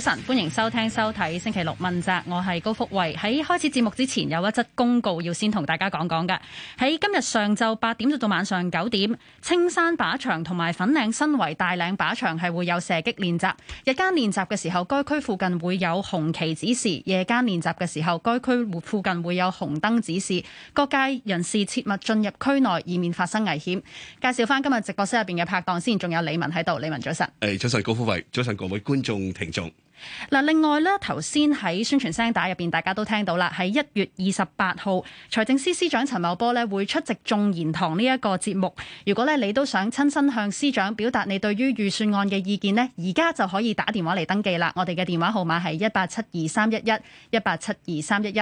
早晨，歡迎收聽、收睇星期六問責，我係高福慧。喺開始節目之前，有一則公告要先同大家講講㗎。喺今日上晝八點到到晚上九點，青山靶場同埋粉嶺新圍大嶺靶場係會有射擊練習。日間練習嘅時候，該區附近會有紅旗指示，夜間練習嘅時候，該區附近會有紅燈指示。各界人士切勿進入區內，以免發生危險。介紹翻今日直播室入邊嘅拍檔先，仲有李文喺度。李文早晨，誒，早晨，高福慧，早晨，各位觀眾、聽眾。嗱，另外咧，頭先喺宣傳聲帶入邊，大家都聽到啦。喺一月二十八號，財政司司長陳茂波咧，會出席眾言堂呢一個節目。如果咧你都想親身向司長表達你對於預算案嘅意見呢，而家就可以打電話嚟登記啦。我哋嘅電話號碼係一八七二三一一一八七二三一一。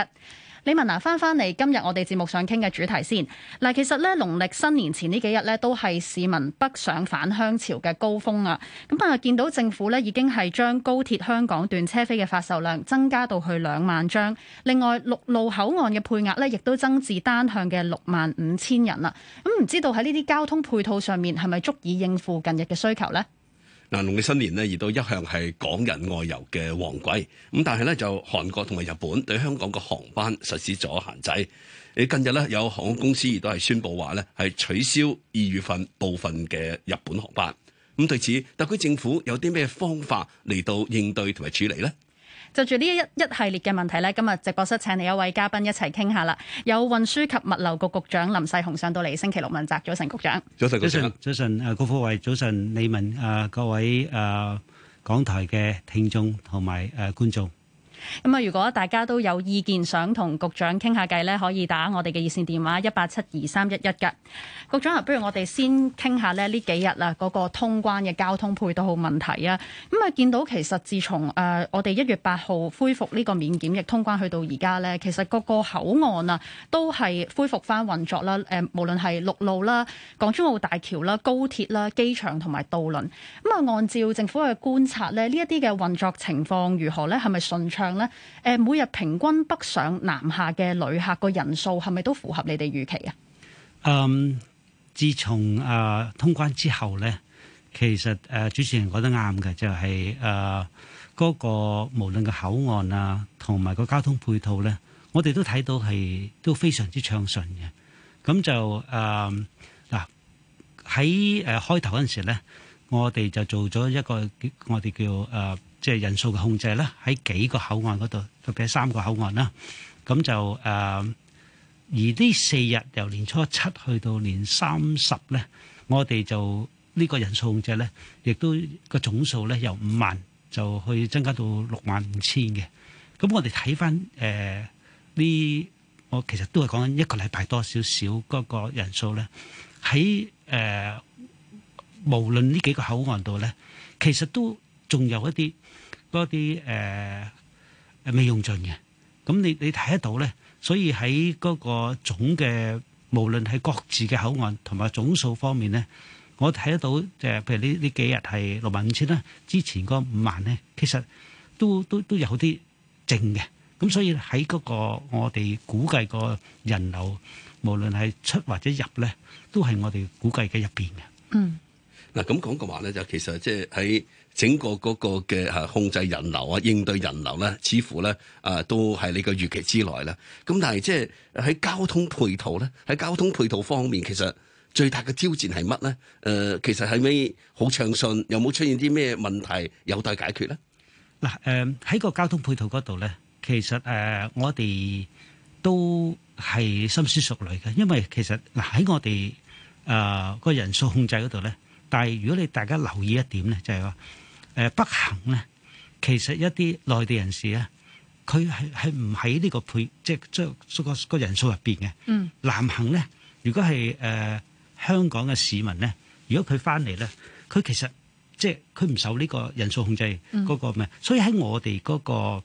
李文、啊，嗱翻翻嚟今日我哋節目上傾嘅主題先。嗱，其實咧，農曆新年前呢幾日咧，都係市民北上返鄉潮嘅高峰啊。咁啊，見到政府咧已經係將高鐵香港段車飛嘅發售量增加到去兩萬張，另外陸路口岸嘅配額咧，亦都增至單向嘅六萬五千人啦。咁唔知道喺呢啲交通配套上面係咪足以應付近日嘅需求呢？嗱，農曆新年咧，亦都一向係港人外遊嘅旺季，咁但係咧就韓國同埋日本對香港嘅航班實施咗限制。你近日咧有航空公司亦都係宣布話咧係取消二月份部分嘅日本航班。咁對此，特區政府有啲咩方法嚟到應對同埋處理呢？就住呢一一系列嘅問題咧，今日直播室請嚟一位嘉賓一齊傾下啦。有運輸及物流局局長林世雄上到嚟。星期六問責早晨，局長。早晨，早晨，早晨，啊，郭富慧，早晨，李文，啊、呃，各位啊、呃，港台嘅聽眾同埋誒觀眾。咁啊，如果大家都有意見，想同局長傾下計咧，可以打我哋嘅熱線電話一八七二三一一嘅。局長啊，不如我哋先傾下咧呢幾日啊，嗰個通關嘅交通配套問題啊。咁啊，見到其實自從誒我哋一月八號恢復呢個免檢疫通關去到而家咧，其實個個口岸啊都係恢復翻運作啦。誒，無論係陸路啦、港珠澳大橋啦、高鐵啦、機場同埋渡輪。咁啊，按照政府去觀察咧，呢一啲嘅運作情況如何咧？係咪順暢？咧，誒每日平均北上南下嘅旅客個人數係咪都符合你哋預期啊？嗯，自從誒通關之後咧，其實誒主持人講得啱嘅，就係誒嗰個無論個口岸啊，同埋個交通配套咧，我哋都睇到係都非常之暢順嘅。咁就誒嗱喺誒開頭嗰陣時咧，我哋就做咗一個我哋叫誒。即係人數嘅控制啦，喺幾個口岸嗰度，特別係三個口岸啦，咁就誒，而呢四日由年初七去到年三十咧，我哋就呢個人數控制咧，亦都個總數咧由五萬就去增加到六萬五千嘅。咁我哋睇翻誒呢，我其實都係講緊一個禮拜多少少嗰個人數咧，喺誒無論呢幾個口岸度咧，其實都仲有一啲。多啲誒未用盡嘅，咁你你睇得到咧？所以喺嗰個總嘅，無論係各自嘅口岸同埋總數方面咧，我睇得到，就係譬如呢呢幾日係六萬五千啦，之前嗰五萬咧，其實都都都有啲剩嘅。咁所以喺嗰個我哋估計個人流，無論係出或者入咧，都係我哋估計嘅入面嘅。嗯，嗱咁講嘅話咧，就其實即係喺。整個嗰個嘅誒控制人流啊，應對人流咧，似乎咧啊，都係你個預期之內啦。咁但係即係喺交通配套咧，喺交通配套方面，其實最大嘅挑戰係乜咧？誒、呃，其實係咪好暢順，有冇出現啲咩問題有待解決咧？嗱誒、呃，喺個交通配套嗰度咧，其實誒、呃、我哋都係深思熟慮嘅，因為其實嗱喺、呃、我哋啊個人數控制嗰度咧，但係如果你大家留意一點咧，就係、是、話。誒北行咧，其實一啲內地人士咧，佢係係唔喺呢個配，即係將個個人數入邊嘅。嗯。南行咧，如果係誒香港嘅市民咧，如果佢翻嚟咧，佢其實即係佢唔受呢個人數控制嗰個咩。所以喺我哋嗰個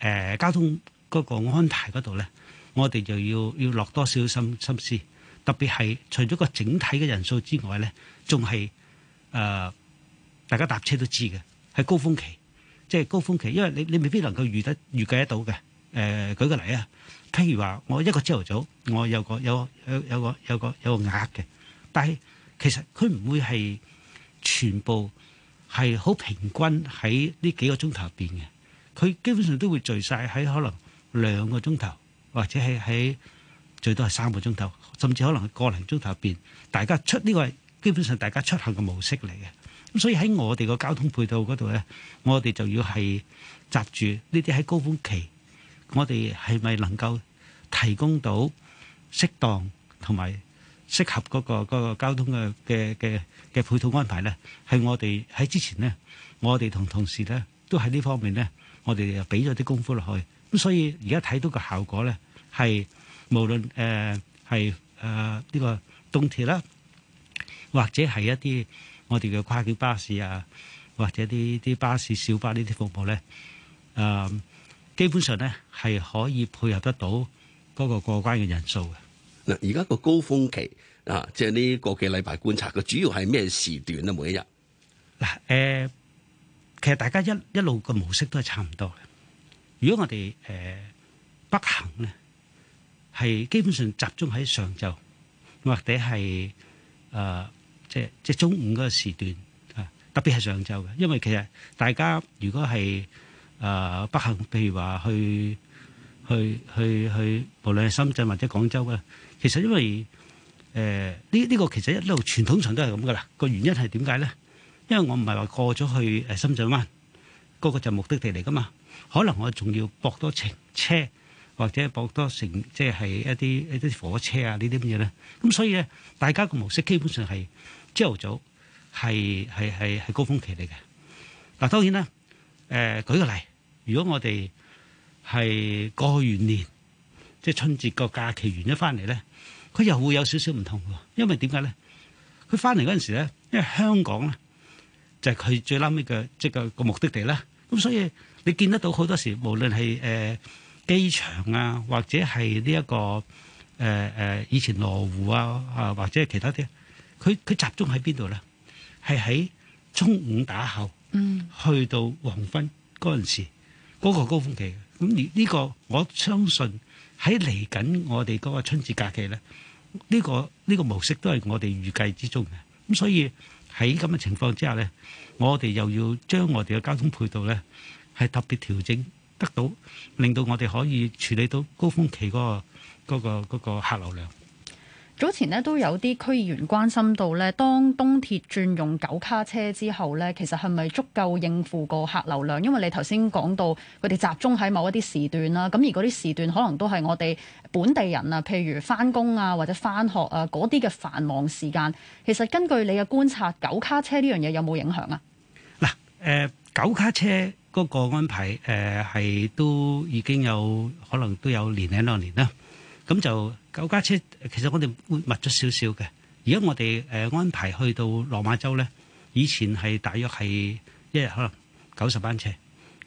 誒交通嗰個安排嗰度咧，我哋就要要落多少心心思，特別係除咗個整體嘅人數之外咧，仲係誒。大家搭車都知嘅，係高峰期，即係高峰期，因為你你未必能夠預得預計得到嘅。誒、呃，舉個例啊，譬如話，我一個朝頭早，我有個有有有個有個有個,有個額嘅，但係其實佢唔會係全部係好平均喺呢幾個鐘頭入邊嘅。佢基本上都會聚晒喺可能兩個鐘頭，或者係喺最多係三個鐘頭，甚至可能係個零鐘頭入邊。大家出呢個係基本上大家出行嘅模式嚟嘅。咁所以喺我哋個交通配套嗰度咧，我哋就要係集住呢啲喺高峯期，我哋係咪能夠提供到適當同埋適合嗰個嗰個交通嘅嘅嘅嘅配套安排咧？係我哋喺之前咧，我哋同同事咧都喺呢方面咧，我哋又俾咗啲功夫落去。咁所以而家睇到個效果咧，係無論誒係誒呢個東鐵啦，或者係一啲。我哋嘅跨境巴士啊，或者啲啲巴士、小巴呢啲服務咧，誒，基本上咧係可以配合得到嗰個過關嘅人數嘅。嗱，而家個高峯期啊，即係呢個幾禮拜觀察嘅主要係咩時段咧？每一日嗱，誒，其實大家一一路嘅模式都係差唔多嘅。如果我哋誒北行咧，係基本上集中喺上晝，或者係誒。即係中午嗰個時段啊，特別係上晝嘅，因為其實大家如果係誒北行，譬如話去去去去，無論係深圳或者廣州嘅，其實因為誒呢呢個其實一路傳統上都係咁噶啦，個原因係點解咧？因為我唔係話過咗去誒深圳灣，嗰個就目的地嚟噶嘛，可能我仲要駁多程車或者駁多程即係一啲一啲火車啊呢啲咁嘢咧，咁所以咧，大家個模式基本上係。朝頭早係係係係高峯期嚟嘅。嗱，當然咧，誒舉個例，如果我哋係過完年，即係春節個假期完咗翻嚟咧，佢又會有少少唔同喎。因為點解咧？佢翻嚟嗰陣時咧，因為香港咧就係佢最 last 尾嘅即係個個目的地啦。咁所以你見得到好多時，無論係誒機場啊，或者係呢一個誒誒以前羅湖啊，啊或者係其他啲。佢佢集中喺邊度咧？係喺中午打後，嗯、去到黃昏嗰陣時，嗰、嗰個高峰期。咁而呢個我相信喺嚟緊，我哋嗰個春節假期咧，呢、呢個呢、呢個模式都係我哋預計之中嘅。咁所以喺咁嘅情況之下咧，我哋又要將我哋嘅交通配套咧係特別調整，得到令到我哋可以處理到高峰期嗰、嗰個嗰嗰、嗰個嗰個客流量。早前咧都有啲區議員關心到咧，當東鐵轉用九卡車之後咧，其實係咪足夠應付個客流量？因為你頭先講到佢哋集中喺某一啲時段啦，咁而嗰啲時段可能都係我哋本地人啊，譬如返工啊或者返學啊嗰啲嘅繁忙時間。其實根據你嘅觀察，九卡車呢樣嘢有冇影響啊？嗱、呃，誒九卡車嗰個安排誒係都已經有可能都有年零兩年啦。咁就九架車，其實我哋會密咗少少嘅。而家我哋誒、呃、安排去到落馬洲咧，以前係大約係一日可能九十班車，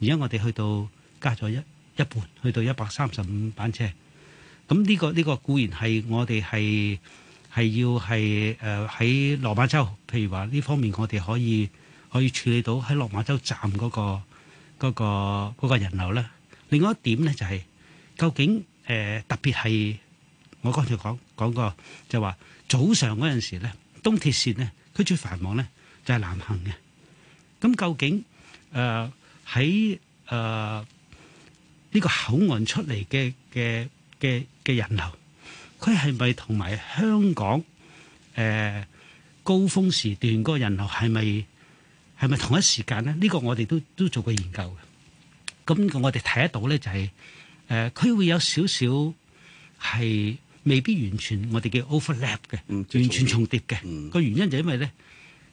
而家我哋去到加咗一一半，去到一百三十五班車。咁呢、呢個呢、呢個固然係我哋係係要係誒喺落馬洲，譬如話呢方面我哋可以可以處理到喺落馬洲站嗰、嗰個嗰、嗰個嗰個人流咧。另外一點咧就係、係、究竟。誒特別係我剛才講講過就話、是、早上嗰陣時咧，東鐵線咧，佢最繁忙咧就係、是、南行嘅。咁究竟誒喺誒呢個口岸出嚟嘅嘅嘅嘅人流，佢係咪同埋香港誒、呃、高峰時段嗰人流係咪係咪同一時間咧？呢、呢個我哋都都做過研究嘅。咁、那個、我哋睇得到咧，就係、是。誒，佢、呃、會有少少係未必完全我哋叫 overlap 嘅，嗯、完全重疊嘅。個、嗯、原因就因為咧，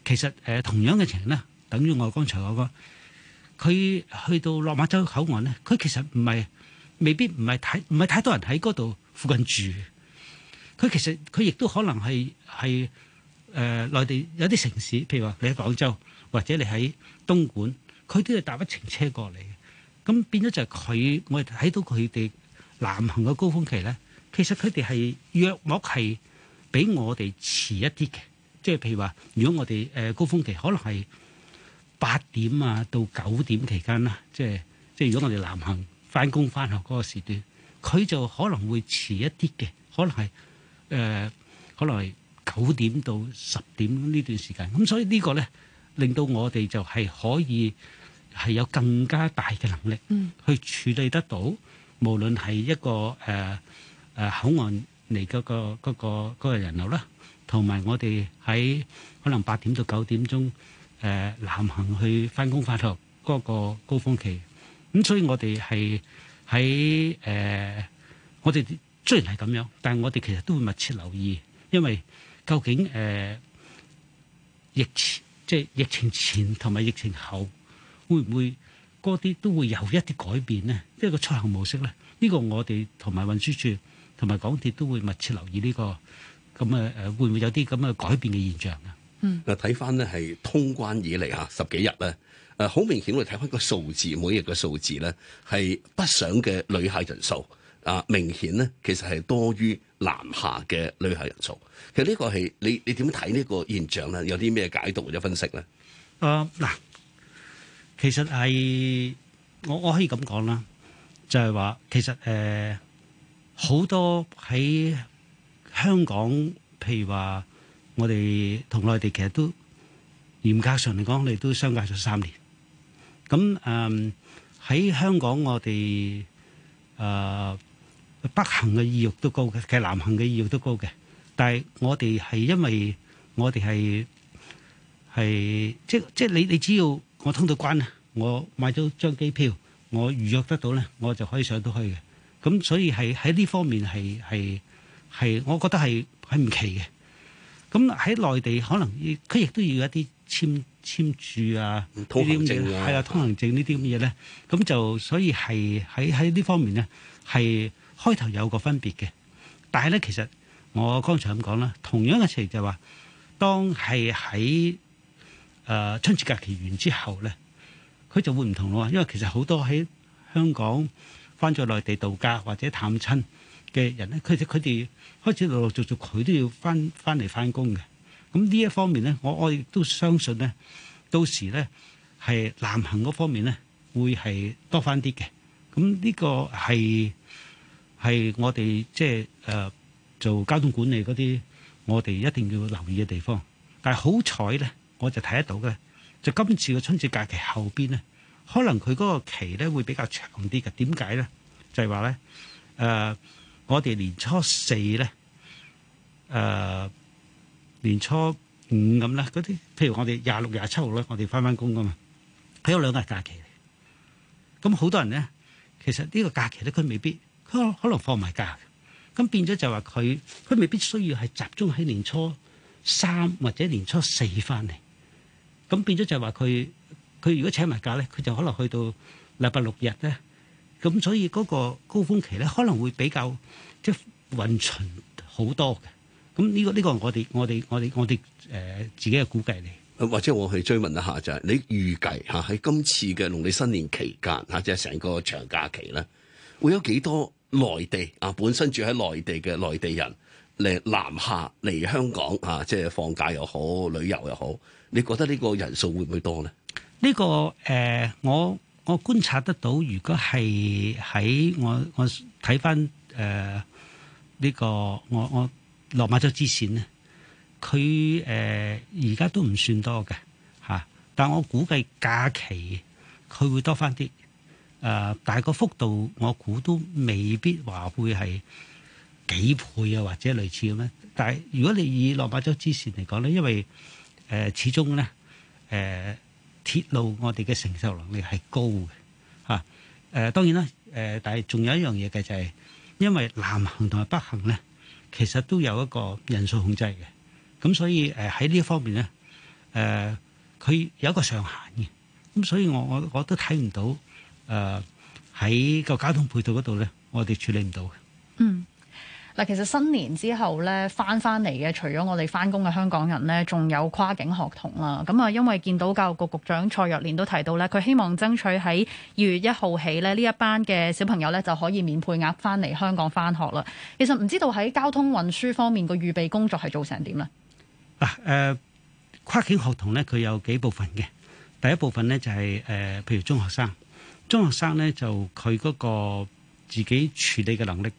其實誒、呃、同樣嘅情形咧，等於我剛才講嘅，佢去到落馬洲口岸咧，佢其實唔係未必唔係太唔係太多人喺嗰度附近住。佢其實佢亦都可能係係誒內地有啲城市，譬如話你喺廣州或者你喺東莞，佢都要搭一程車過嚟。咁變咗就係佢，我哋睇到佢哋南行嘅高峰期咧，其實佢哋係約莫係比我哋遲一啲嘅，即係譬如話，如果我哋誒高峰期可能係八點啊到九點期間啦，即係即係如果我哋南行返工返學嗰個時段，佢就可能會遲一啲嘅，可能係誒、呃、可能係九點到十點呢段時間，咁所以呢個咧令到我哋就係可以。係有更加大嘅能力去處理得到，無論係一個誒誒口岸嚟嗰個嗰個嗰個人流啦，同埋我哋喺可能八點到九點鐘誒南行去返工返學嗰個高峰期。咁所以我哋係喺誒，我哋雖然係咁樣，但係我哋其實都會密切留意，因為究竟誒疫情即係疫情前同埋疫情後。會唔會嗰啲都會有一啲改變呢？即係個出行模式咧？呢個我哋同埋運輸處同埋港鐵都會密切留意呢個。咁誒誒，會唔會有啲咁嘅改變嘅現象啊？嗯。嗱，睇翻呢係通關以嚟嚇十幾日咧。誒，好明顯我哋睇翻個數字，每日嘅數字咧係北上嘅旅客人數啊，明顯咧其實係多於南下嘅旅客人數。其實呢個係你你點睇呢個現象咧？有啲咩解讀或者分析咧？誒嗱，其實係我我可以咁講啦，就係話其實誒好多喺香港，譬如話我哋同內地其實都嚴格上嚟講，我哋都相隔咗三年。咁誒喺香港，我哋誒北行嘅意欲都高嘅，其實南行嘅意欲都高嘅。但係我哋係因為我哋係係即係即係你你只要。我通到關咧，我買咗張機票，我預約得到咧，我就可以上到去嘅。咁所以係喺呢方面係係係，我覺得係係唔奇嘅。咁喺內地可能佢亦都要一啲簽簽注啊，呢啲咁嘢，係啦些、啊啊，通行證呢啲咁嘅嘢咧。咁就所以係喺喺呢方面咧，係開頭有個分別嘅。但係咧，其實我剛才咁講啦，同樣嘅事情就係話，當係喺。誒春節假期完之後咧，佢就會唔同咯。因為其實好多喺香港翻咗內地度假或者探親嘅人咧，佢哋佢哋開始陸陸續續，佢都要翻翻嚟翻工嘅。咁呢一方面咧，我我亦都相信咧，到時咧係南行嗰方面咧會係多翻啲嘅。咁呢個係係我哋即係誒做交通管理嗰啲，我哋一定要留意嘅地方。但係好彩咧。我就睇得到嘅，就今次嘅春節假期後邊咧，可能佢嗰個期咧會比較長啲嘅。點解咧？就係話咧，誒，我哋年初四咧，誒年初五咁啦，嗰啲譬如我哋廿六廿七號咧，我哋翻翻工噶嘛，係有兩個假期。咁好多人咧，其實呢個假期咧，佢未必，佢可能放唔埋假，咁變咗就話佢，佢未必需要係集中喺年初三或者年初四翻嚟。咁變咗就係話佢佢如果請埋假咧，佢就可能去到禮拜六日咧。咁所以嗰個高峰期咧，可能會比較即係混巡好多嘅。咁呢個呢個我哋我哋我哋我哋誒自己嘅估計嚟。或者我去追問一下，就係你預計吓喺今次嘅農曆新年期間啊，即係成個長假期咧，會有幾多內地啊，本身住喺內地嘅內地人？嚟南下嚟香港嚇、啊，即係放假又好，旅遊又好，你覺得呢個人數會唔會多咧？呢、這個誒、呃，我我觀察得到，如果係喺我我睇翻誒呢個我我落馬洲之線咧，佢誒而家都唔算多嘅嚇、啊，但我估計假期佢會多翻啲，誒、呃，但係個幅度我估都未必話會係。幾倍啊，或者類似咁咧？但係如果你以落馬洲之前嚟講咧，因為誒、呃、始終咧誒、呃、鐵路我哋嘅承受能力係高嘅嚇誒。當然啦誒、呃，但係仲有一樣嘢嘅就係因為南行同埋北行咧，其實都有一個人數控制嘅，咁，所以誒喺呢方面咧誒佢有一個上限嘅，咁，所以我我我都睇唔到誒喺、呃、個交通配套嗰度咧，我哋處理唔到嘅嗯。嗱，其實新年之後咧，翻翻嚟嘅除咗我哋翻工嘅香港人呢，仲有跨境學童啦。咁啊，因為見到教育局局長蔡若蓮都提到咧，佢希望爭取喺二月一號起呢，呢一班嘅小朋友呢，就可以免配額翻嚟香港翻學啦。其實唔知道喺交通運輸方面個預備工作係做成點呢？嗱、啊呃，跨境學童呢，佢有幾部分嘅。第一部分呢，就係、係、誒、呃，譬如中學生，中學生呢，就佢嗰個自己處理嘅能力。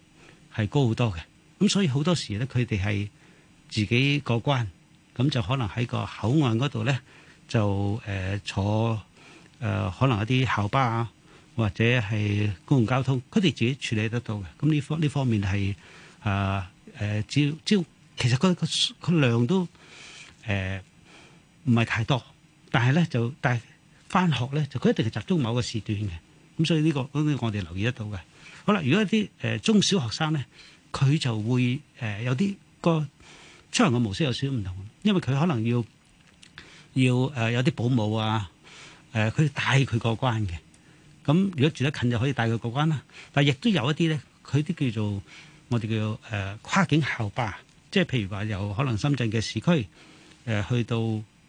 係高好多嘅，咁所以好多時咧，佢哋係自己過關，咁就可能喺個口岸嗰度咧，就誒坐誒可能一啲校巴啊，或者係公共交通，佢哋自己處理得到嘅。咁呢方呢方面係啊誒，只要只要其實佢個佢量都誒唔係太多，但係咧就但係返學咧就佢一定係集中某個時段嘅，咁所以呢個我都我哋留意得到嘅。好啦，如果一啲誒、呃、中小學生咧，佢就會誒有啲個出行嘅模式有少少唔同，因為佢可能要要誒有啲保姆啊，誒佢帶佢過關嘅。咁、呃、如果住得近就可以帶佢過關啦。但係亦都有一啲咧，佢啲叫做我哋叫誒、呃、跨境校巴，即係譬如話由可能深圳嘅市區誒去到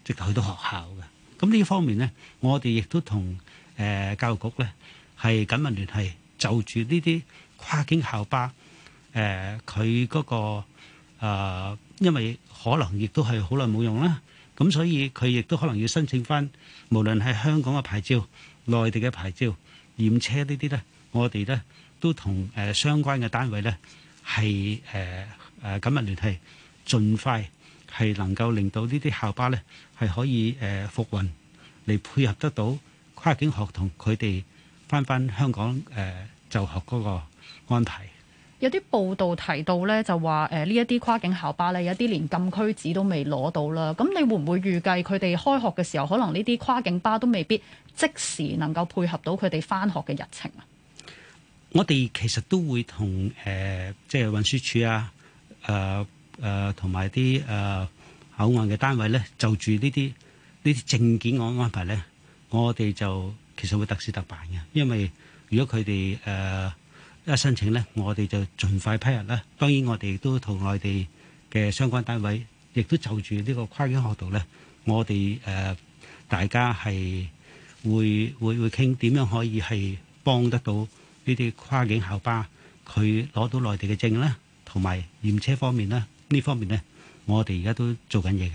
直頭去到學校嘅。咁、呃、呢方面咧，我哋亦都同誒、呃、教育局咧係緊密聯繫。就住呢啲跨境校巴，誒、呃，佢嗰、嗰個誒、呃，因為可能亦都係好耐冇用啦，咁所以佢亦都可能要申請翻，無論係香港嘅牌照、內地嘅牌照、驗車呢啲咧，我哋咧都同誒、呃、相關嘅單位咧係誒誒緊密聯繫，盡快係能夠令到呢啲校巴咧係可以誒復運嚟配合得到跨境學童佢哋。翻翻香港誒、呃、就學嗰個安排，有啲報道提到咧，就話誒呢一啲跨境校巴咧，有啲連禁區紙都未攞到啦。咁你會唔會預計佢哋開學嘅時候，可能呢啲跨境巴都未必即時能夠配合到佢哋翻學嘅日程啊？我哋其實都會同誒即係運輸署啊、誒誒同埋啲誒口岸嘅單位咧，就住呢啲呢啲證件嘅安排咧，我哋就，其實會特事特辦嘅，因為如果佢哋誒一申請咧，我哋就盡快批入啦。當然，我哋亦都同內地嘅相關單位，亦都就住呢個跨境學道咧，我哋誒、呃、大家係會會會傾點樣可以係幫得到呢啲跨境校巴佢攞到內地嘅證啦，同埋驗車方面啦，呢方面咧，我哋而家都在做緊嘢嘅。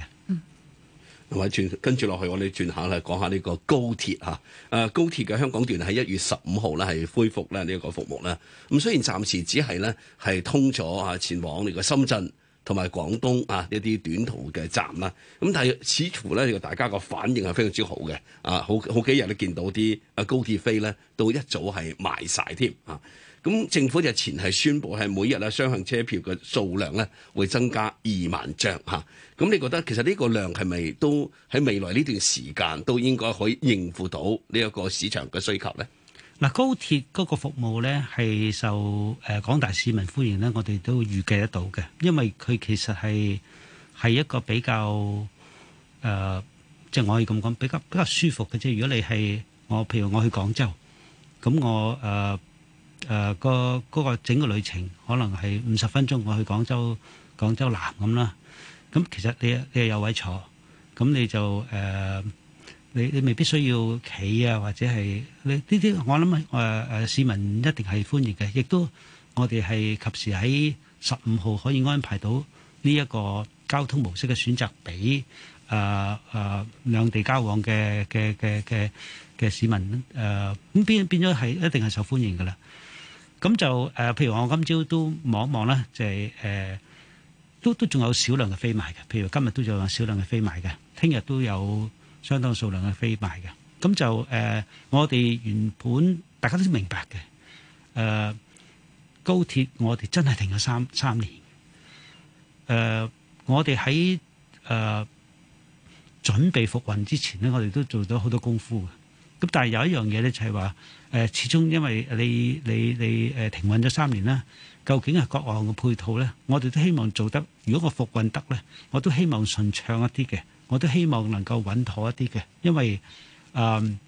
同埋轉跟住落去，我哋轉下咧，講下呢個高鐵嚇。誒、啊、高鐵嘅香港段喺一月十五號咧，係恢復咧呢一個服務啦。咁、啊、雖然暫時只係咧係通咗啊，前往呢個深圳。同埋廣東啊，一啲短途嘅站啦，咁但係似乎咧，大家個反應係非常之好嘅，啊，好好幾日都見到啲啊高鐵飛咧，都一早係賣晒添啊！咁、啊、政府日前係宣布係每日啊雙向車票嘅數量咧，會增加二萬張嚇。咁、啊啊、你覺得其實呢個量係咪都喺未來呢段時間都應該可以應付到呢一個市場嘅需求咧？嗱，高鐵嗰個服務咧，係受誒廣大市民歡迎咧，我哋都預計得到嘅，因為佢其實係係一個比較誒，即、呃、係、即係、我可以咁講，比較比較舒服嘅啫。如果你係我，譬如我去廣州，咁我誒誒、呃呃嗰個嗰、嗰個整個旅程可能係五十分鐘，我去廣州廣州南咁啦，咁其實你你又有位坐，咁你就誒。呃你你未必需要企啊，或者係你呢啲，我諗誒誒市民一定係歡迎嘅，亦都我哋係及時喺十五號可以安排到呢一個交通模式嘅選擇，俾誒誒兩地交往嘅嘅嘅嘅嘅市民誒，咁、呃、變變咗係一定係受歡迎㗎喇。咁就誒、呃，譬如我今朝都望一望啦，就係、是、誒、呃，都都仲有少量嘅飛賣嘅，譬如今日都有少量嘅飛賣嘅，聽日都有。相當數量嘅飛敗嘅，咁就誒、呃，我哋原本大家都明白嘅，誒、呃、高鐵我哋真係停咗三三年，誒、呃、我哋喺誒準備復運之前、就是呃、呢，我哋都做咗好多功夫嘅，咁但係有一樣嘢咧就係話誒，始終因為你你你誒停運咗三年啦，究竟係各項嘅配套咧，我哋都希望做得，如果我復運得咧，我都希望順暢一啲嘅。我都希望能夠穩妥一啲嘅，因為啊呢、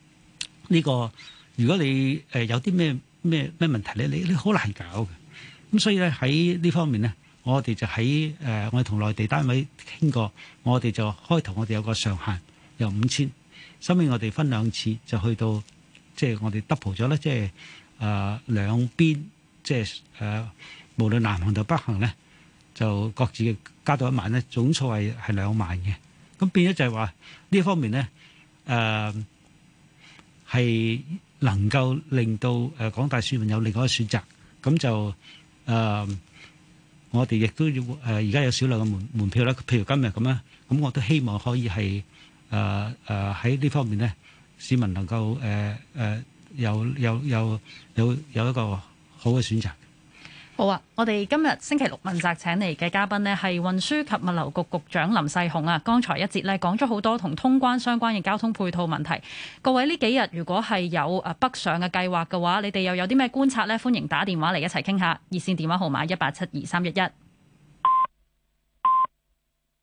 呃這個如果你誒、呃、有啲咩咩咩問題咧，你你好難搞嘅。咁所以咧喺呢方面咧，我哋就喺誒、呃、我哋同內、呃、地單位傾過，我哋就開頭我哋有個上限由5000，由五千，後面我哋分兩次就去到即係我哋 double 咗咧，即係啊兩邊即係誒、呃呃，無論南行到北行咧，就各自加到一萬咧，總數係係兩萬嘅。咁變咗就係話呢一方面咧，誒、呃、係能夠令到誒廣大市民有另外一個選擇。咁就誒、呃、我哋亦都要誒而家有少量嘅門門票啦。譬如今日咁啦，咁我都希望可以係誒誒喺呢方面咧，市民能夠誒誒有有有有有一個好嘅選擇。好啊！我哋今日星期六問責請嚟嘅嘉賓呢係運輸及物流局局長林世雄啊。剛才一節呢講咗好多同通關相關嘅交通配套問題。各位呢幾日如果係有誒北上嘅計劃嘅話，你哋又有啲咩觀察呢？歡迎打電話嚟一齊傾下，熱線電話號碼一八七二三一一。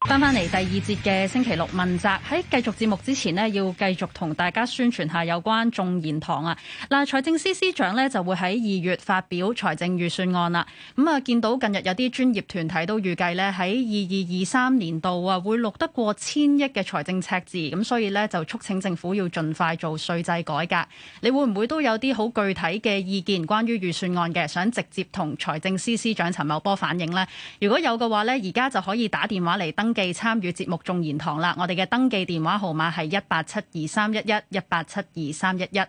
翻返嚟第二節嘅星期六問責，喺繼續節目之前呢，要繼續同大家宣傳下有關眾言堂啊！嗱，財政司司長呢就會喺二月發表財政預算案啦。咁、嗯、啊，見到近日有啲專業團體都預計呢喺二二二三年度啊會錄得過千億嘅財政赤字，咁、啊、所以呢，就促請政府要盡快做稅制改革。你會唔會都有啲好具體嘅意見關於預算案嘅？想直接同財政司司長陳茂波反映呢？如果有嘅話呢，而家就可以打電話嚟登。記參與節目眾言堂啦，我哋嘅登記電話號碼係一八七二三一一，一八七二三一一。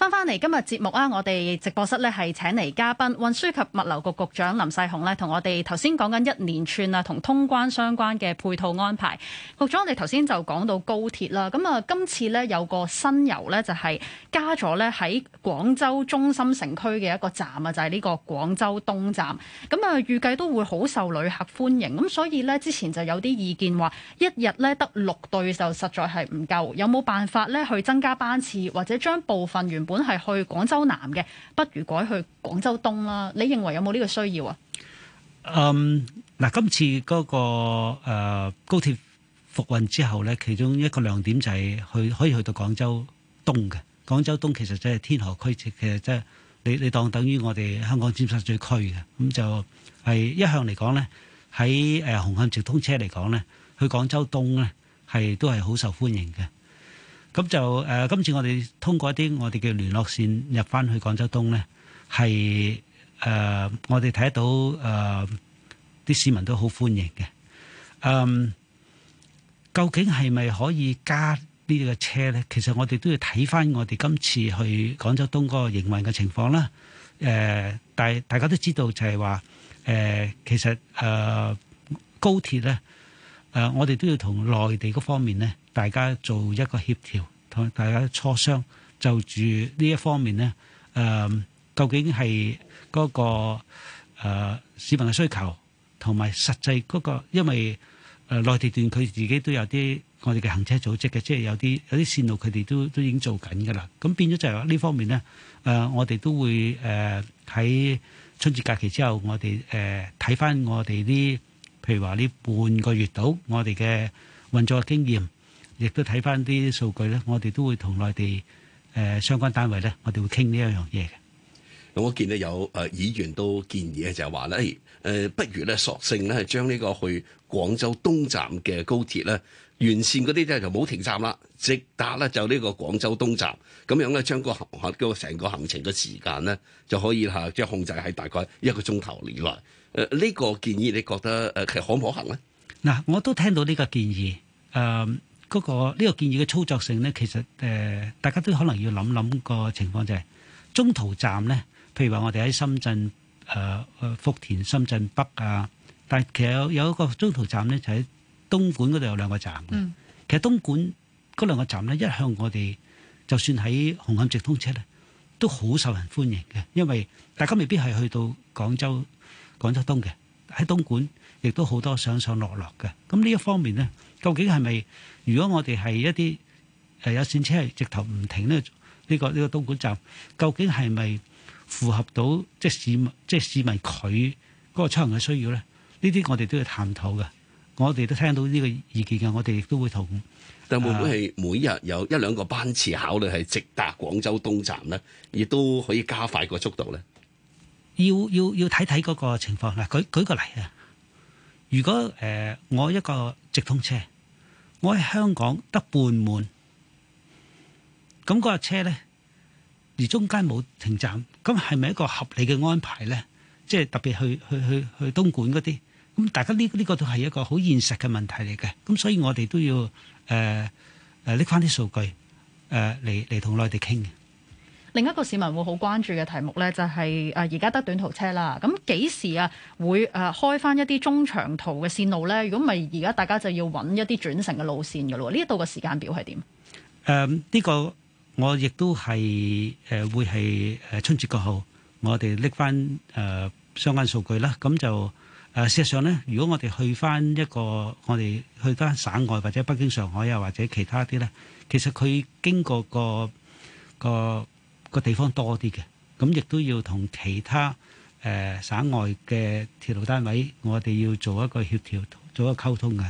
翻返嚟今日節目啊！我哋直播室呢係請嚟嘉賓，運輸及物流局局長林世雄呢同我哋頭先講緊一連串啊，同通關相關嘅配套安排。局長，我哋頭先就講到高鐵啦。咁啊，今次呢有個新遊呢，就係加咗呢喺廣州中心城區嘅一個站啊，就係呢個廣州東站。咁啊，預計都會好受旅客歡迎。咁所以呢，之前就有啲意見話，一日呢得六對就實在係唔夠。有冇辦法呢去增加班次，或者將部分原本係去廣州南嘅，不如改去廣州東啦。你認為有冇呢個需要啊？嗯，嗱，今次嗰個誒高鐵復運之後咧，其中一個亮點就係去可以去到廣州東嘅。廣州東其實即係天河區，其實即係你你當等於我哋香港尖沙咀區嘅。咁就係一向嚟講咧，喺誒紅磡直通車嚟講咧，去廣州東咧係都係好受歡迎嘅。咁就誒、呃，今次我哋通過一啲我哋嘅聯絡線入翻去廣州東咧，係誒、呃，我哋睇到誒啲、呃、市民都好歡迎嘅。嗯、呃，究竟係咪可以加呢個車咧？其實我哋都要睇翻我哋今次去廣州東嗰個營運嘅情況啦。誒、呃，但係大大家都知道就係話誒，其實誒、呃、高鐵咧，誒、呃、我哋都要同內地嗰方面咧。大家做一個協調，同大家磋商就住呢一方面咧，誒、嗯、究竟係嗰、嗰個、呃、市民嘅需求，同埋實際嗰、嗰個，因為誒、呃、內地段佢自己都有啲我哋嘅行車組織嘅，即係有啲有啲線路佢哋都都已經做緊㗎啦。咁變咗就係話呢方面咧，誒、呃、我哋都會誒喺、呃、春節假期之後，我哋誒睇翻我哋啲，譬如話呢半個月度我哋嘅運作經驗。亦都睇翻啲數據咧，我哋都會同內地誒、呃、相關單位咧，我哋會傾呢一樣嘢嘅。咁我見咧有誒、呃、議員都建議嘅，就係話咧誒，不如咧索性咧將呢將個去廣州東站嘅高鐵咧，沿線嗰啲咧就冇停站啦，直達咧就呢個廣州東站，咁樣咧將個行個成個行程嘅時間咧就可以嚇即係控制喺大概一個鐘頭內。誒、這、呢個建議你覺得其實誒、呃、可唔可行咧？嗱，我都聽到呢個建議誒。呃嗰呢個建議嘅操作性咧，其實誒、呃，大家都可能要諗諗個情況就係、是、中途站咧。譬如話，我哋喺深圳誒誒、呃、福田、深圳北啊，但係其實有有一個中途站咧，就喺、是、東莞嗰度有兩個站嘅。嗯、其實東莞嗰兩個站咧，一向我哋就算喺紅磡直通車咧，都好受人歡迎嘅，因為大家未必係去到廣州廣州東嘅喺東莞，亦都好多上上落落嘅。咁呢一方面咧，究竟係咪？如果我哋係一啲誒有線車係直頭唔停咧，呢個呢個東莞站究竟係咪符合到市即市民即市民佢嗰個出行嘅需要咧？呢啲我哋都要探討嘅，我哋都聽到呢個意見嘅，我哋亦都會同。但會唔會係每日有一兩個班次考慮係直達廣州東站咧，亦都可以加快個速度咧？要要要睇睇嗰個情況。嗱，舉舉個例啊，如果誒、呃、我一個直通車。我喺香港得半滿，咁嗰架車咧，而中間冇停站，咁係咪一個合理嘅安排咧？即係特別去去去去東莞嗰啲，咁大家呢呢、呢個呢個都係一個好現實嘅問題嚟嘅。咁所以我哋都要誒誒拎翻啲數據誒嚟嚟同內地傾嘅。另一個市民會好關注嘅題目咧，就係誒而家得短途車啦，咁幾時啊會誒開翻一啲中長途嘅線路咧？如果唔係而家大家就要揾一啲轉乘嘅路線嘅咯喎？呢一度嘅時間表係點？誒呢、嗯呢個我亦都係誒、呃、會係誒春節過後，我哋拎翻誒相關數據啦。咁就誒、呃、事實上咧，如果我哋去翻一個我哋去翻省外或者北京、上海又或者其他啲咧，其實佢經過個個個地方多啲嘅，咁亦都要同其他誒、呃、省外嘅鐵路單位，我哋要做一個協調，做一個溝通嘅。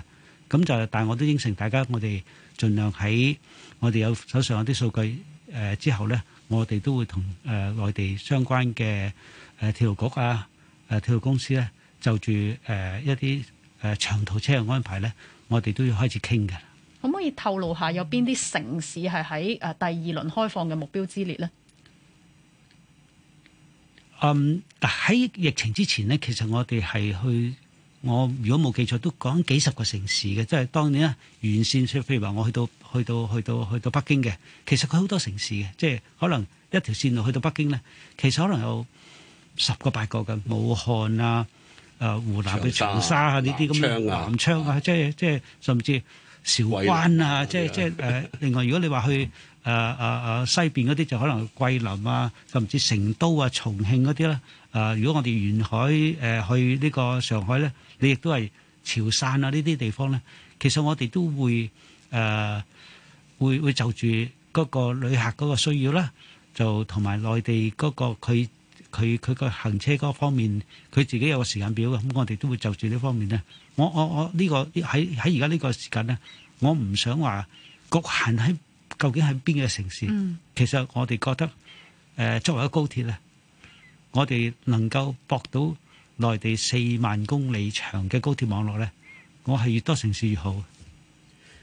咁就但係我都應承大家，我哋盡量喺我哋有手上有啲數據誒、呃、之後咧，我哋都會同誒、呃、內地相關嘅誒、呃、鐵路局啊、誒、呃、鐵路公司咧，就住誒、呃、一啲誒長途車嘅安排咧，我哋都要開始傾嘅。可唔可以透露下有邊啲城市係喺誒第二輪開放嘅目標之列咧？嗯，但喺疫情之前咧，其實我哋係去，我如果冇記錯，都講幾十個城市嘅，即係當年啊，沿線譬如話我去到去到去到去到北京嘅，其實佢好多城市嘅，即係可能一條線路去到北京咧，其實可能有十個八個嘅，武漢啊，誒湖南嘅長沙啊呢啲咁嘅南昌啊，啊即係即係甚至韶關啊，啊啊即係即係誒，啊、 另外如果你話去。誒誒誒，西邊嗰啲就可能桂林啊，甚至成都啊、重慶嗰啲啦。誒、啊，如果我哋沿海誒、呃、去呢個上海咧，你亦都係潮汕啊呢啲地方咧。其實我哋都會誒、啊、會會就住嗰個旅客嗰個需要啦，就同埋內地嗰個佢佢佢個行車嗰方面，佢自己有個時間表嘅，咁我哋都會就住呢方面咧。我我我呢、這個喺喺而家呢個時間咧，我唔想話局限喺。究竟喺邊個城市？嗯、其實我哋覺得，誒、呃，作為個高鐵咧，我哋能夠駁到內地四萬公里長嘅高鐵網絡咧，我係越多城市越好。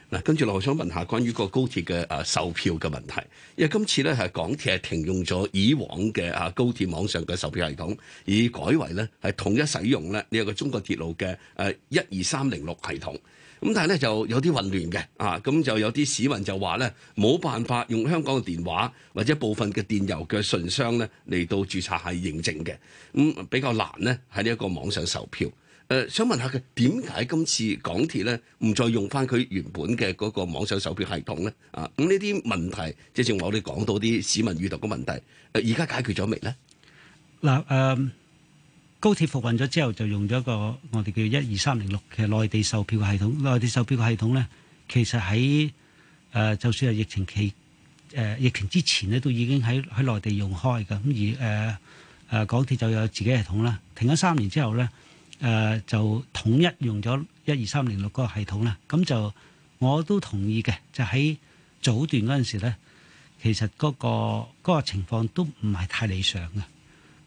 嗱、嗯，跟住落，我想問下關於個高鐵嘅誒售票嘅問題，因為今次咧係港鐵係停用咗以往嘅啊高鐵網上嘅售票系統，而改為咧係統一使用咧呢你有個中國鐵路嘅誒一二三零六系統。咁但係咧就有啲混亂嘅，啊，咁就有啲市民就話咧冇辦法用香港嘅電話或者部分嘅電郵嘅信箱咧嚟到註冊係認證嘅，咁、嗯、比較難咧喺呢一個網上售票。誒、呃，想問下佢點解今次港鐵咧唔再用翻佢原本嘅嗰個網上售票系統咧？啊，咁呢啲問題即係正話我哋講到啲市民遇到嘅問題，誒而家解決咗未咧？嗱，嗯。高鐵復運咗之後，就用咗個我哋叫一二三零六嘅內地售票系統。內地售票系統咧，其實喺誒、呃，就算係疫情期誒、呃、疫情之前咧，都已經喺喺內地用開嘅。咁而誒誒、呃呃，港鐵就有自己系統啦。停咗三年之後咧，誒、呃、就統一用咗一二三零六嗰個系統啦。咁就我都同意嘅，就喺、是、早段嗰陣時咧，其實嗰、那個那個情況都唔係太理想嘅。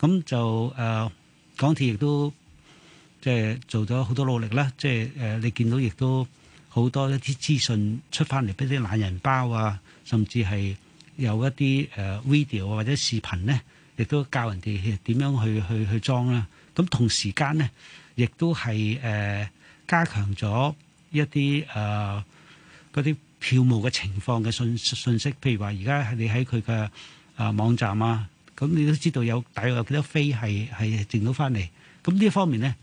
咁就誒。呃港鐵亦都即係做咗好多努力啦，即係誒你見到亦都好多一啲資訊出翻嚟，俾啲懶人包啊，甚至係有一啲誒 video 啊或者視頻咧，亦都教人哋點樣去去去裝啦。咁同時間咧，亦都係誒加強咗一啲誒嗰啲票務嘅情況嘅訊信息，譬如話而家你喺佢嘅誒網站啊。咁你都知道有大概有幾多飛係係訂到返嚟，咁呢一方面咧，誒、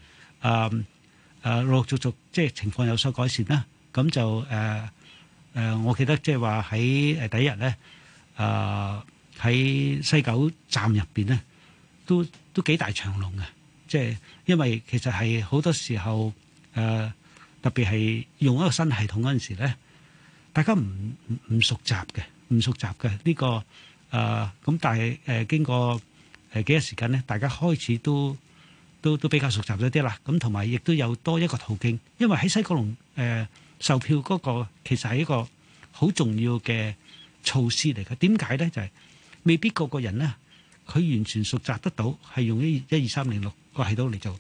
呃、誒、呃、陸陸續續即係情況有所改善啦。咁就誒誒、呃呃，我記得即係話喺第一日咧，誒、呃、喺西九站入邊咧，都都幾大長龍嘅。即係因為其實係好多時候誒、呃，特別係用一個新系統嗰陣時咧，大家唔唔唔熟習嘅，唔熟習嘅呢個。誒咁，但係誒經過誒幾日時間咧，大家開始都都都比較熟習咗啲啦。咁同埋亦都有多一個途徑，因為喺西九龍誒售票嗰個其實係一個好重要嘅措施嚟嘅。點解咧？就係未必個個人咧，佢完全熟習得到，係用一一二三零六個系統嚟做。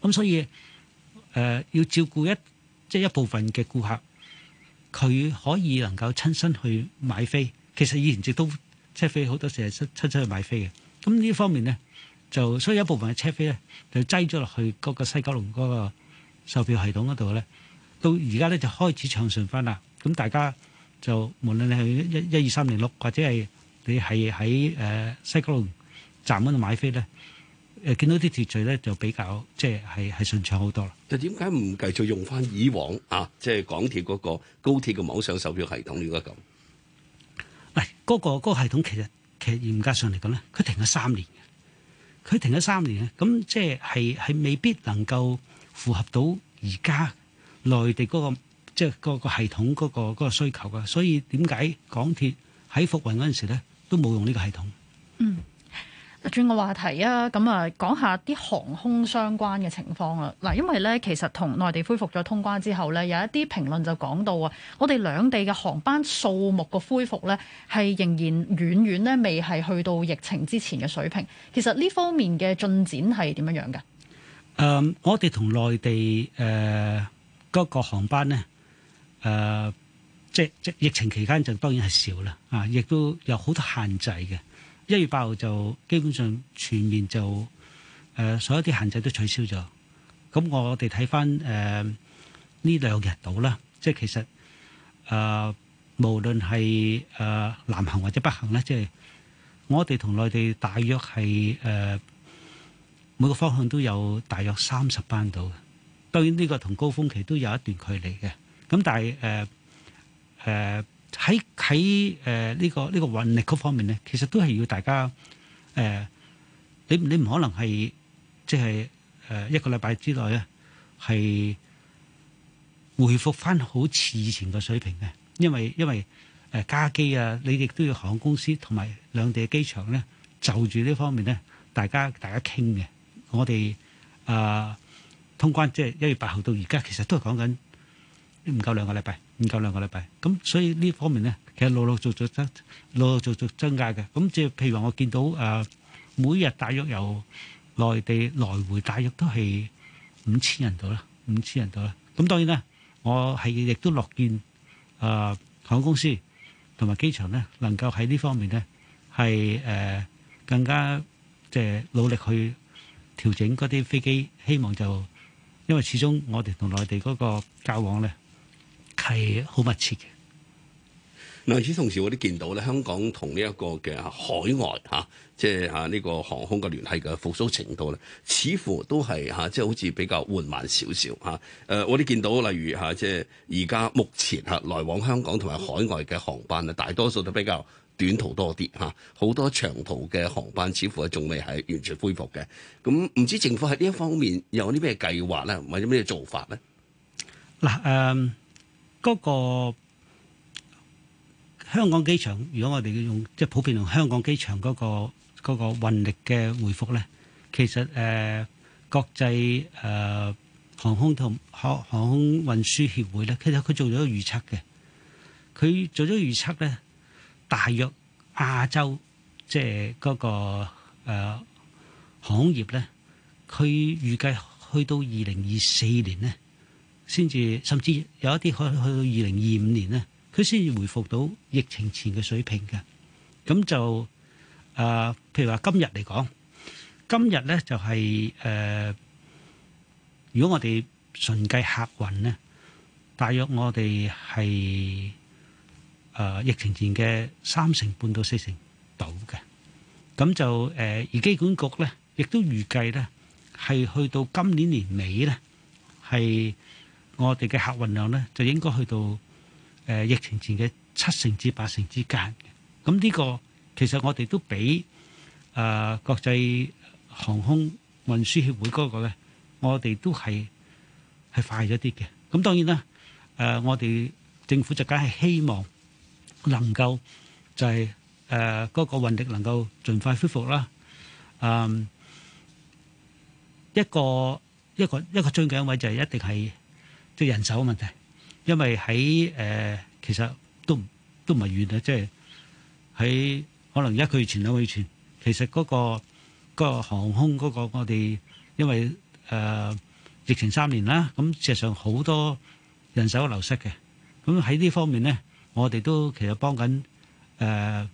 咁所以誒要照顧一即係一部分嘅顧客，佢可以能夠親身去買飛。其實以前亦都。車飛好多時係出出出去買飛嘅，咁呢方面咧就所以有部分嘅車飛咧就擠咗落去嗰個西九龍嗰個售票系統嗰度咧，到而家咧就開始暢順翻啦。咁大家就無論你係一一二三零六或者係你係喺誒西九龍站嗰度買飛咧，誒見到啲秩序咧就比較即係係係順暢好多啦。就點解唔繼續用翻以往啊？即係港鐵嗰個高鐵嘅網上售票系統應該咁？嗰個嗰個系統其實其實嚴格上嚟講咧，佢停咗三年，佢停咗三年咧，咁即係係係未必能夠符合到而家內地嗰個即係嗰個系統嗰個嗰個需求噶，所以點解港鐵喺復運嗰陣時咧都冇用呢個系統？嗯。轉個話題啊，咁啊，講下啲航空相關嘅情況啦。嗱，因為咧，其實同內地恢復咗通關之後咧，有一啲評論就講到啊，我哋兩地嘅航班數目嘅恢復咧，係仍然遠遠咧未係去到疫情之前嘅水平。其實呢方面嘅進展係點樣樣嘅？誒、嗯，我哋同內地誒嗰、呃那個航班呢，誒、呃，即即疫情期間就當然係少啦，啊，亦都有好多限制嘅。一月八號就基本上全面就誒、呃、所有啲限制都取消咗，咁我哋睇翻誒呢兩日度啦，即係其實誒無論係誒南行或者北行咧，即係我哋同內地大約係誒、呃、每個方向都有大約三十班到，當然呢個同高峰期都有一段距離嘅，咁但係誒誒。呃呃喺喺誒呢個呢個運力方面咧，其實都係要大家誒、呃，你你唔可能係即係誒一個禮拜之內啊，係回復翻好似以前嘅水平嘅，因為因為誒加機啊，你亦都要航空公司同埋兩地嘅機場咧，就住呢方面咧，大家大家傾嘅。我哋啊、呃，通關即係一月八號到而家，其實都係講緊唔夠兩個禮拜。唔夠兩個禮拜，咁所以呢方面咧，其實陸陸續續增陸陸續續增加嘅。咁即係譬如話，我見到誒每日大約由內地來回，大約都係五千人度啦，五千人度啦。咁當然啦，我係亦都樂見誒航空公司同埋機場咧，能夠喺呢方面咧係誒更加即係努力去調整嗰啲飛機，希望就因為始終我哋同內地嗰個交往咧。係好密切嘅。嗱，與此、嗯、同時，我哋見到咧，香港同呢一個嘅海外吓，即係吓呢個航空嘅聯繫嘅復蘇程度咧，似乎都係吓，即、啊、係、就是、好似比較緩慢少少吓。誒、啊，我哋見到例如吓，即係而家目前吓、啊、來往香港同埋海外嘅航班咧，大多數都比較短途多啲吓，好、啊、多長途嘅航班似乎係仲未係完全恢復嘅。咁、啊、唔知政府喺呢一方面有啲咩計劃咧，或者咩做法咧？嗱、嗯，誒。嗰個香港機場，如果我哋用即係普遍用香港機場嗰個嗰個運力嘅回復咧，其實誒國際誒航空同航航空運輸協會咧，其實佢做咗個預測嘅，佢做咗預測咧，大約亞洲即係嗰個誒航空業咧，佢預計去到二零二四年咧，先至，甚至有一啲去去到二零二五年咧，佢先至回復到疫情前嘅水平嘅。咁就啊、呃，譬如話今日嚟講，今日咧就係、是、誒、呃，如果我哋純計客運咧，大約我哋係誒疫情前嘅三成半到四成到嘅。咁就誒，而、呃、機管局咧亦都預計咧係去到今年年尾咧係。我哋嘅客運量咧，就應該去到誒疫情前嘅七成至八成之間。咁呢個其實我哋都比誒國際航空運輸協會嗰個咧，我哋都係係快咗啲嘅。咁當然啦，誒我哋政府就梗係希望能夠就係誒嗰個運力能夠盡快恢復啦。誒，一個一個一個最緊要位就係一定係。即係人手嘅問題，因為喺誒、呃、其實都唔都唔係遠啊，即係喺可能一個月前兩個月前，其實嗰個嗰個航空嗰個我哋因為誒、呃、疫情三年啦，咁事實上好多人手流失嘅，咁喺呢方面咧，我哋都其實幫緊誒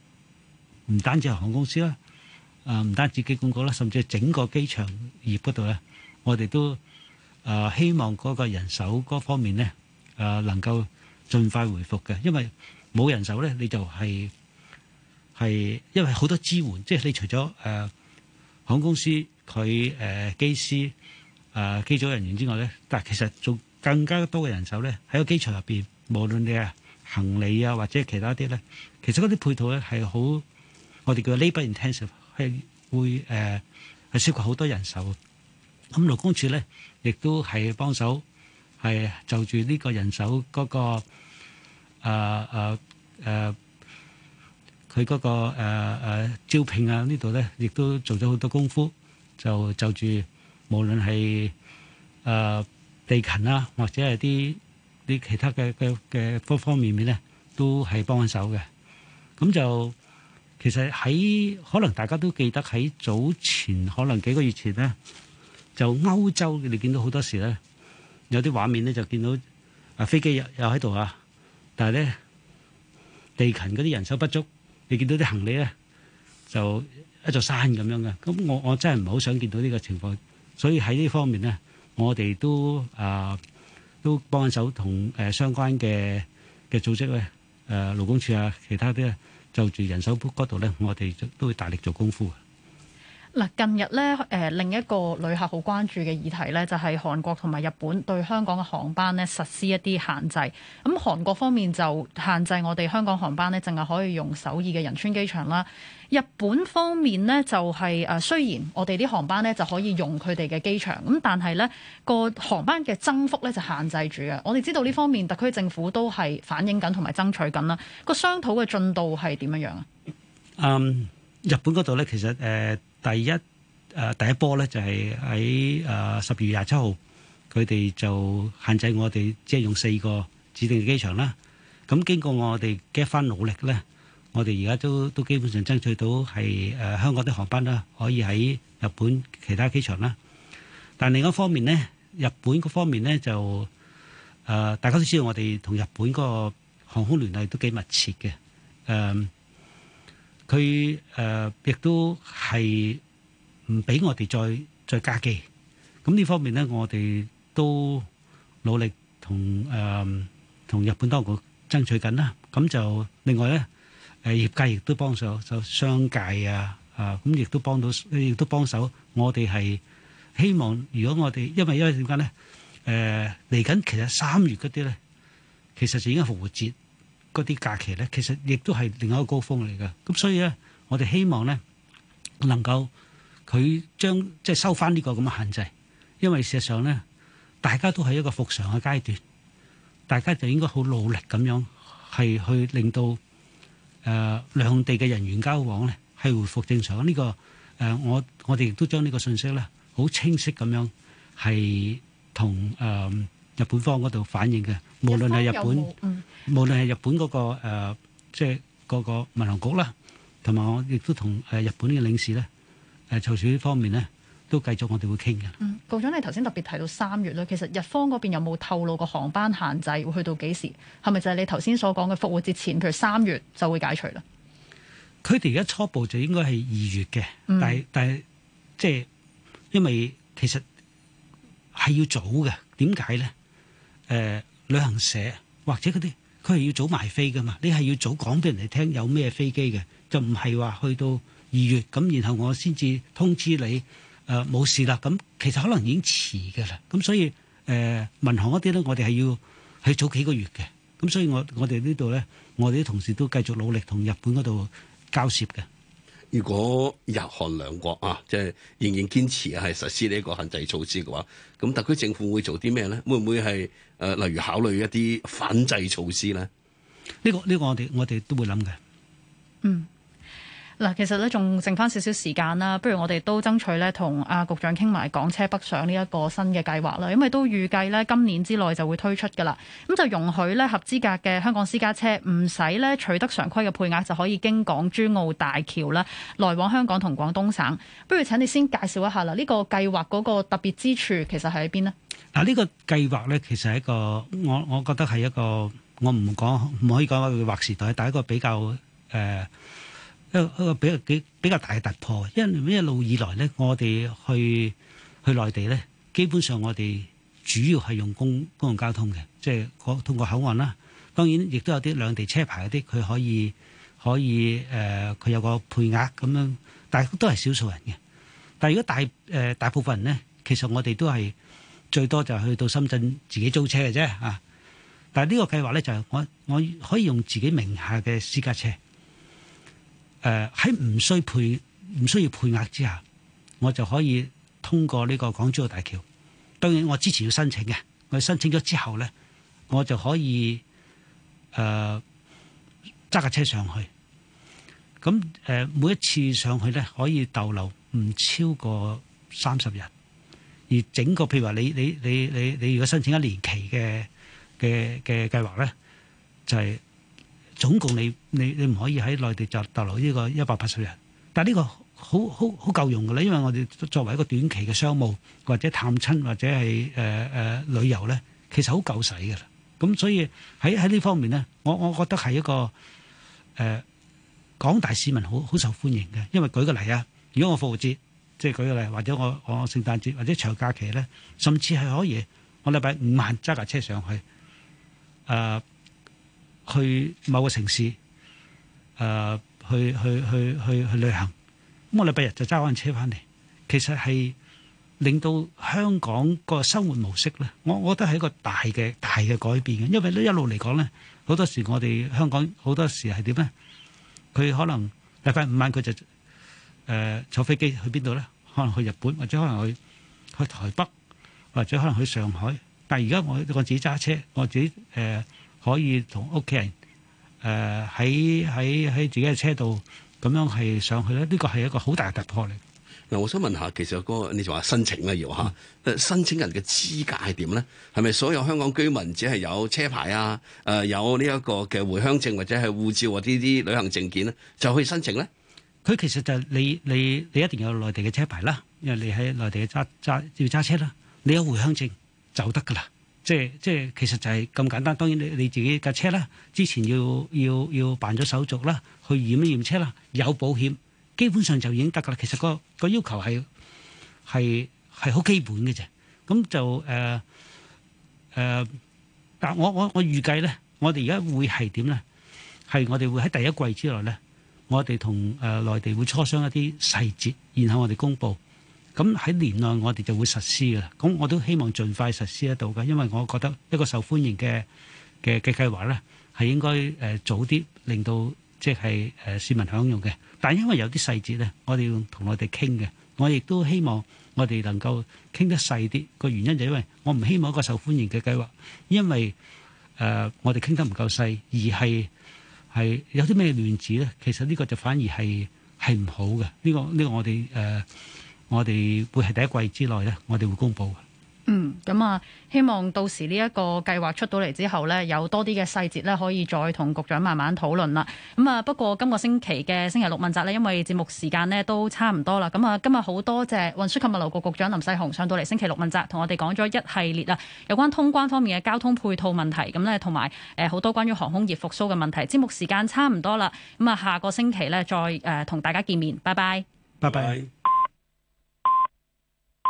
唔單止航空公司啦，誒、呃、唔單止機管局啦，甚至係整個機場業嗰度咧，我哋都。誒、呃、希望嗰個人手嗰方面咧，誒、呃、能夠盡快回復嘅，因為冇人手咧，你就係、是、係因為好多支援，即係你除咗誒航空公司佢誒、呃、機師誒、呃、機組人員之外咧，但係其實做更加多嘅人手咧，喺個機場入邊，無論你行李啊或者其他啲咧，其實嗰啲配套咧係好，我哋叫 labor intensive 係會誒係涉及好多人手。咁勞工處咧，亦都係幫手，係就住呢個人手嗰、嗰個誒誒佢嗰個誒、呃、招聘啊呢度咧，亦都做咗好多功夫。就就住無論係誒地勤啦、啊，或者係啲啲其他嘅嘅嘅方方面面咧，都係幫手嘅。咁就其實喺可能大家都記得喺早前，可能幾個月前咧，就歐洲，你見到好多時咧，有啲畫面咧就見到啊飛機又又喺度啊，但係咧地勤嗰啲人手不足，你見到啲行李咧就一座山咁樣嘅，咁我我真係唔係好想見到呢個情況，所以喺呢方面咧，我哋都啊都幫緊手同誒相關嘅嘅組織咧，誒勞工處啊，其他啲咧就住人手嗰度咧，我哋都會大力做功夫。嗱，近日咧，誒、呃、另一個旅客好關注嘅議題咧，就係韓國同埋日本對香港嘅航班咧實施一啲限制。咁、嗯、韓國方面就限制我哋香港航班咧，淨係可以用首爾嘅仁川機場啦。日本方面呢、就是，就係誒雖然我哋啲航班咧就可以用佢哋嘅機場，咁但係呢個航班嘅增幅咧就限制住嘅。我哋知道呢方面特區政府都係反映緊同埋爭取緊啦。個商討嘅進度係點樣樣啊？嗯，日本嗰度呢，其實誒。呃第一誒、呃、第一波咧就係喺誒十二月廿七號，佢哋就限制我哋即係用四個指定嘅機場啦。咁、啊、經過我哋嘅一番努力咧，我哋而家都都基本上爭取到係誒、呃、香港啲航班啦、啊，可以喺日本其他機場啦、啊。但另一方面咧，日本嗰方面咧就誒、呃、大家都知道，我哋同日本個航空聯繫都幾密切嘅誒。嗯佢誒亦都係唔俾我哋再再加機，咁呢方面咧，我哋都努力同誒同日本當局爭取緊啦。咁就另外咧，誒業界亦都幫手，就商界啊啊咁亦都幫到，亦都幫手。我哋係希望，如果我哋因為因為點解咧？誒嚟緊其實三月嗰啲咧，其實就已經復活節。嗰啲假期咧，其實亦都係另一個高峰嚟嘅。咁所以咧，我哋希望咧能夠佢將即係收返呢個咁嘅限制，因為事實上咧，大家都係一個復常嘅階段，大家就應該好努力咁樣係去令到誒兩地嘅人員交往咧係回復正常。呢個誒，我我哋亦都將呢個信息咧好清晰咁樣係同誒。日本方嗰度反映嘅，無論係日本，日嗯、無論係日本嗰、誒即係嗰個民航局啦，同埋我亦都同誒日本嘅領事咧，誒就住呢方面咧，都繼續我哋會傾嘅。嗯，局長你頭先特別提到三月啦，其實日方嗰邊有冇透露過航班限制會去到幾時？係咪就係你頭先所講嘅復活節前，譬如三月就會解除啦？佢哋而家初步就應該係二月嘅、嗯，但係但係即係因為其實係要早嘅，點解咧？誒、呃、旅行社或者嗰啲，佢係要早埋飛噶嘛？你係要早講俾人哋聽有咩飛機嘅，就唔係話去到二月咁，然後我先至通知你誒冇、呃、事啦。咁其實可能已經遲噶啦。咁所以誒、呃，民航嗰啲咧，我哋係要去早幾個月嘅。咁所以我我哋呢度咧，我哋啲同事都繼續努力同日本嗰度交涉嘅。如果日韓兩國啊，即、就、係、是、仍然堅持係實施呢一個限制措施嘅話，咁特區政府會做啲咩咧？會唔會係？誒，例如考慮一啲反制措施呢，呢個呢個我哋我哋都會諗嘅，嗯。嗱，其實咧仲剩翻少少時間啦，不如我哋都爭取咧同阿局長傾埋港車北上呢一個新嘅計劃啦，因為都預計咧今年之內就會推出噶啦。咁就容許咧合資格嘅香港私家車唔使咧取得常規嘅配額，就可以經港珠澳大橋啦來往香港同廣東省。不如請你先介紹一下啦，呢個計劃嗰個特別之處其實喺邊呢？嗱，呢個計劃咧其實係一個我我覺得係一個我唔講，唔可以講話劃時代，但係一個比較誒。呃一個比較幾比較大嘅突破，因為一路以來咧，我哋去去內地咧，基本上我哋主要係用公公共交通嘅，即係通過口岸啦。當然亦都有啲兩地車牌嗰啲，佢可以可以誒，佢、呃、有個配額咁樣，但係都係少數人嘅。但係如果大誒、呃、大部分人咧，其實我哋都係最多就係去到深圳自己租車嘅啫啊！但係呢個計劃咧就係、是、我我可以用自己名下嘅私家車。誒喺唔需配唔需要配額之下，我就可以通過呢個港珠澳大橋。當然，我之前要申請嘅，我申請咗之後咧，我就可以誒揸架車上去。咁誒、呃、每一次上去咧，可以逗留唔超過三十日。而整個譬如話，你你你你你如果申請一年期嘅嘅嘅計劃咧，就係、是。總共你你你唔可以喺內地就逗留呢個一百八十日，但係呢個好好好夠用㗎喇，因為我哋作為一個短期嘅商務或者探親或者係誒誒旅遊咧，其實好夠使㗎喇。咁所以喺喺呢方面咧，我我覺得係一個誒廣、呃、大市民好好受歡迎嘅，因為舉個例啊，如果我復活節即係舉個例，或者我我聖誕節或者長假期咧，甚至係可以我禮拜五晚揸架車上去，誒、呃。去某個城市，誒去去去去去旅行，咁我禮拜日就揸翻車翻嚟。其實係令到香港個生活模式咧，我我覺得係一個大嘅大嘅改變嘅，因為咧一路嚟講咧，好多時我哋香港好多時係點咧？佢可能禮拜五晚佢就誒坐飛機去邊度咧？可能去日本，或者可能去去台北，或者可能去上海。但係而家我我自己揸車，我自己誒。可以同屋企人誒喺喺喺自己嘅車度咁樣係上去咧，呢個係一個好大嘅突破嚟。嗱、呃，我想問下，其實、嗰個你話申請啊要嚇，申請人嘅資格係點咧？係咪所有香港居民只係有車牌啊？誒、呃，有呢一個嘅回鄉證或者係護照啊，或者呢啲旅行證件咧，就可以申請咧？佢其實就你你你一定有內地嘅車牌啦，因為你喺內地揸揸要揸車啦，你有回鄉證就得㗎啦。即係即係，其實就係咁簡單。當然你你自己架車啦，之前要要要辦咗手續啦，去驗一驗車啦，有保險，基本上就已經得噶啦。其實個個要求係係係好基本嘅啫。咁就誒誒，但我我我預計咧，我哋而家會係點咧？係我哋會喺第一季之內咧，我哋同誒內地會磋商一啲細節，然後我哋公佈。咁喺年內我哋就會實施嘅。咁我都希望盡快實施得到嘅，因為我覺得一個受歡迎嘅嘅嘅計劃咧，係應該誒、呃、早啲令到即係誒、呃、市民享用嘅。但係因為有啲細節咧，我哋要同我哋傾嘅，我亦都希望我哋能夠傾得細啲。個原因就因為我唔希望一個受歡迎嘅計劃，因為誒、呃、我哋傾得唔夠細，而係係有啲咩亂子咧。其實呢個就反而係係唔好嘅。呢、呢個呢、呢個我哋誒。呃我哋會喺第一季之內呢，我哋會公布嘅。嗯，咁、嗯、啊，希望到時呢一個計劃出到嚟之後呢，有多啲嘅細節呢，可以再同局長慢慢討論啦。咁、嗯、啊，不過今個星期嘅星期六問責呢，因為節目時間呢都差唔多啦。咁、嗯、啊，今日好多謝運輸及物流局局長林世雄上到嚟星期六問責，同我哋講咗一系列啊有關通關方面嘅交通配套問題，咁呢，同埋誒好多關於航空業復甦嘅問題。節目時間差唔多啦，咁、嗯、啊，下個星期呢，再誒、呃、同大家見面，拜拜，拜拜。